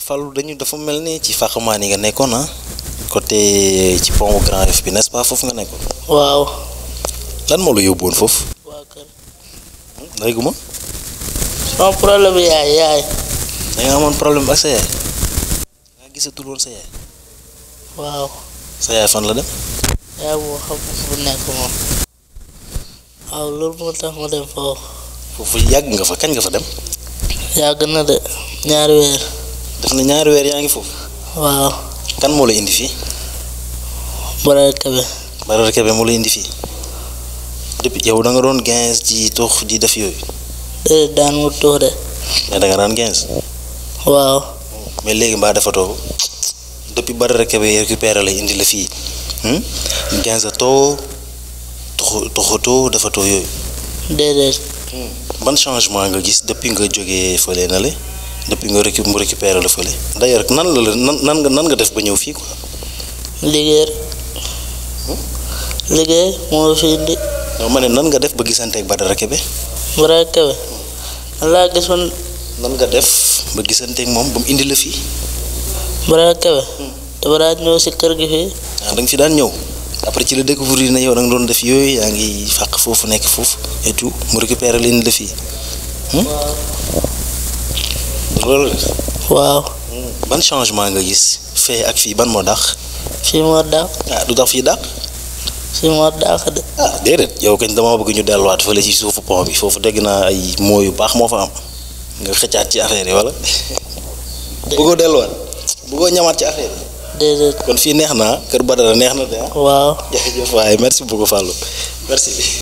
Fallou dañu dafa mel ni ci fàqmaan yi nga nekkoon na ah. côté ci pont Grand Yoff bi nest pas foofu nga nekkoon. waaw. lan moo la yóbbuwoon foofu. waaw kër. léegi amoon problème ak sa yaay. nga woon la dem. yaay boo xam fu foofu yàgg nga fa kañ nga fa dem. yàgg na de ñaari weer. def na ñaari weer yaa ngi foofu. waaw. kan moo la indi fii. Badara Kebe. Badara Kebe moo la indi fii. depuis yow da doon gens di tux di def yooyu. déedéet daan mu tux de. mais da nga daan gens. waaw. mais toog depuis Badara Kebe récupéré la indi la fii hmm? gens a too tuxu tuxutoo dafa too yooyu. déedéet. Hmm. ban changement nga gis depuis nga jógee fële na le depuis nga récup mu récupéré la fële. rek nan la la nan nan nga nan def ba ñëw fii quoi. liggéey. Hmm? liggéey moo fi indi. non ma ne nan nga def ba gisante ak Badara Kebe. Badara Kebe. laa gisoon. nan nga def ba gisante moom ba mu indi la fii. Badara Kebe. Hmm. dafa ñëw si kër gi fii. ah fi daan ñëw. après ci la découvrir na yow da doon def yooyu yaa ngi fàq foofu nekk foofu et tout mu récupéré leen la fii. Hmm? waaw. Hmm. ban changement nga gis fee ak fii ban moo dàq. fii moo dàq. du ah, tax fii dàq. fii moo dàq de. ah déedéet yow kañ dama bëgg ñu delluwaat fële ci suufu pont bi foofu dégg naa ay moo yu baax moo fa am nga xëccaat ci affaire yi wala. bëggoo delluwaat bëggoo ñamaat ci affaire yi. déedéet kon fii neex naa Kër Badara neex na de. Ah. waaw merci beaucoup Fallou merci.